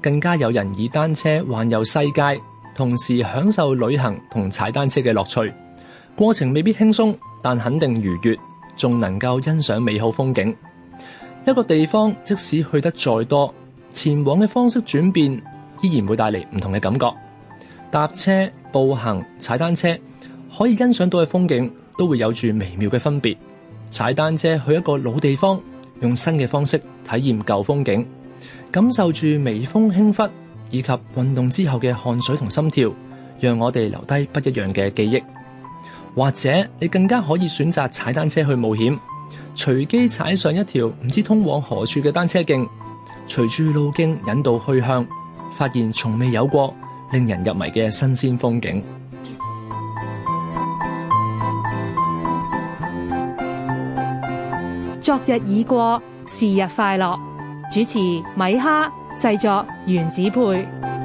更加有人以單車環遊世界，同時享受旅行同踩單車嘅樂趣。過程未必輕鬆，但肯定愉悅，仲能夠欣賞美好風景。一個地方即使去得再多，前往嘅方式轉變，依然會帶嚟唔同嘅感覺。搭車、步行、踩單車，可以欣賞到嘅風景都會有住微妙嘅分別。踩單車去一個老地方，用新嘅方式體驗舊風景。感受住微風輕拂，以及運動之後嘅汗水同心跳，讓我哋留低不一樣嘅記憶。或者你更加可以選擇踩單車去冒險，隨機踩上一條唔知通往何處嘅單車徑，隨住路徑引導去向，發現從未有過令人入迷嘅新鮮風景。昨日已過，是日快樂。主持米哈，製作原子配。